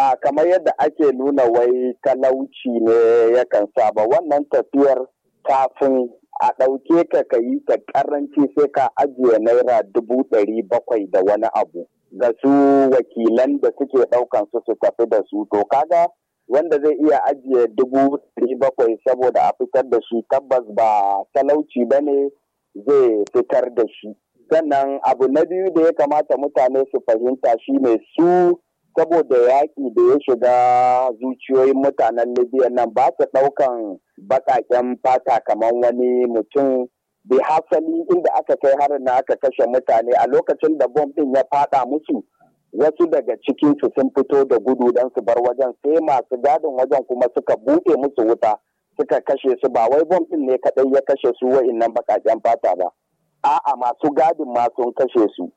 ba kamar yadda ake nuna wai talauci ne yakan sa ba wannan tafiyar kafin a ɗauke ka ka yi ta ƙaranci sai ka ajiye naira dubu ɗari bakwai da wani abu ga su wakilan da suke ɗaukan su su tafi da su to kaga wanda zai iya ajiye dubu ɗari bakwai saboda a fitar da shi tabbas ba talauci ba ne zai fitar da shi sannan abu na biyu da ya kamata mutane su fahimta shine su saboda yaƙi da ya shiga zuciyoyin mutanen libya nan ba su ɗaukan baƙaƙen fata kamar wani mutum bai hasali inda aka kai harin na aka kashe mutane a lokacin da bom ɗin ya faɗa musu wasu daga cikin su sun fito da gudu don su bar wajen sai masu gadin wajen kuma suka buɗe musu wuta suka kashe su ba wai bom ɗin ne kaɗai ya kashe su wa'innan baƙaƙen fata ba a'a masu gadin ma sun kashe su